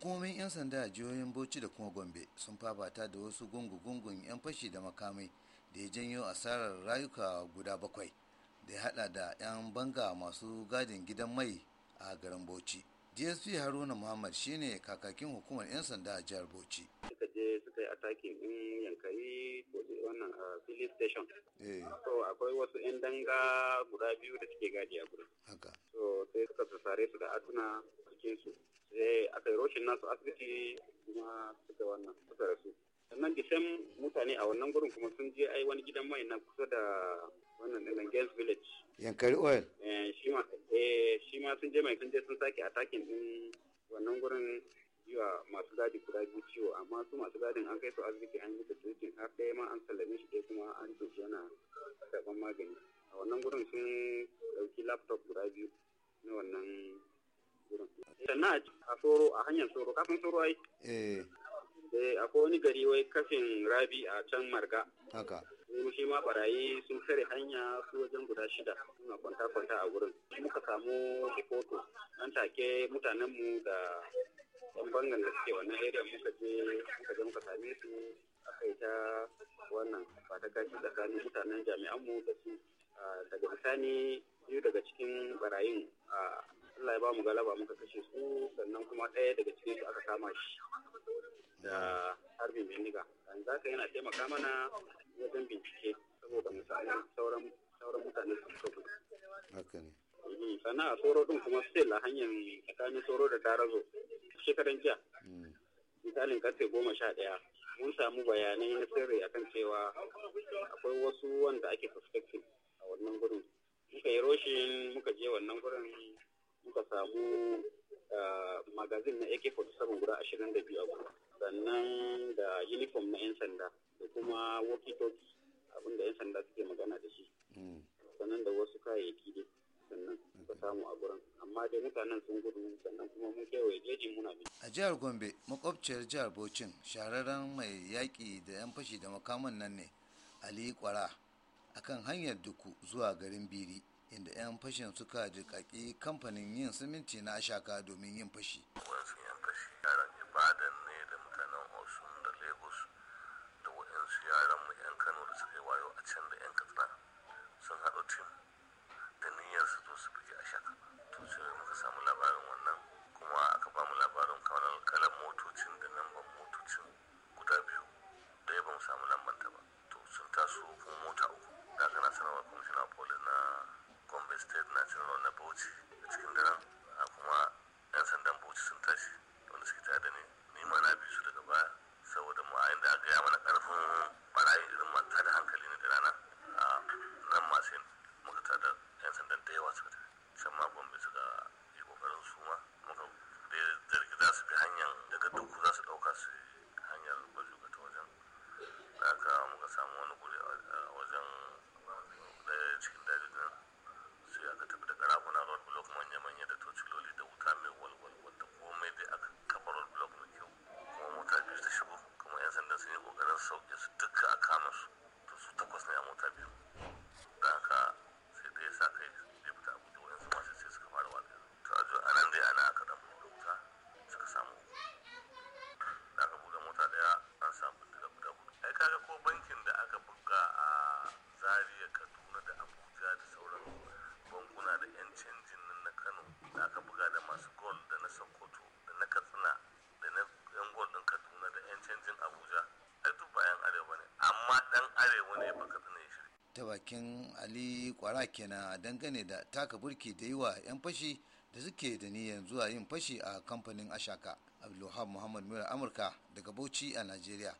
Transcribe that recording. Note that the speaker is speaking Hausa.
hukumomin 'yan sanda a jihohin bauchi da kuma gombe sun fafata da wasu gungu-gungun 'yan fashi da makamai da ya janyo asarar rayuka guda bakwai da ya hada da 'yan banga masu gadin gidan mai a garin bauchi dsp haruna muhammad shine kakakin hukumar 'yan sanda a jihar bauchi je suka yi attacking in yankari wannan filin ah, station eh. so akwai wasu 'yan danga guda biyu da suke gadi a gurin so sai suka sassare su da atuna cikin su sai aka yi roshin nasu asibiti kuma suka wannan suka rasu sannan da mutane a wannan gurin kuma sun je ai wani gidan mai na kusa da wannan ɗin Gens Village. Yankari Oil. Eh, eh, shi ma sun je mai sun je sun sake attacking din wannan gurin jiwa masu gadi guda biyu ciwo amma su masu gadin an kai su asibiti an yi musu treating har ɗaya ma an sallame shi ɗaya kuma an doki yana karɓar magani a wannan gurin sun ɗauki laptop guda biyu na wannan gurin sannan a soro a hanyar soro kafin soro ai eh. eh akwai wani gari wai kafin rabi a can marga haka shi ma barayi sun kare hanya su wajen guda shida suna kwanta-kwanta a wurin muka samu rikoto nan take mutanenmu da yan bangan da suke wannan area muka je muka je muka same su aka yi ta wannan fata kashi tsakanin mutanen jami'anmu da su ah, daga bisani biyu daga cikin barayin ah, Allah ya ba mu galaba muka kashe su sannan kuma ɗaya daga cikin su aka kama shi da harbin bindiga yanzu haka yana taimaka mana wajen bincike saboda mu sauran sauran mutane su fito haka ne mm, sannan tsoro din kuma still a hanyar tsakanin tsoro da tarazo shekaran jiya hmm. misalin karfe goma sha ɗaya mun samu bayanai na sirri akan cewa akwai wasu wanda ake prospecting a wannan gurin muka yi roshin muka je wannan gurin muka samu eh, magazin na ak-47 guda ashirin da biyu sannan da uniform na 'yan sanda da kuma walkie-talkie abinda 'yan sanda suke magana da shi hmm. sannan da wasu kayayyaki dai sannan ka samu a gurin a jihar gombe makwabciyar jihar bauchin shahararren mai yaƙi da yan fashi da makaman nan ne ali kwara akan hanyar duku zuwa garin biri inda 'yan fashin suka jikaki kamfanin yin siminti na ashaka domin yin fashi. to sun taso kuma mota uku da aka na sanarwa kwamishina poli na gombe state national na bauchi a cikin daren kuma ta bakin ali kwara kenan dangane da taka burki da yi wa 'yan fashi da suke da niyan zuwa yin fashi a kamfanin ashaka abdulwahab muhammad mura amurka daga bauchi a najeriya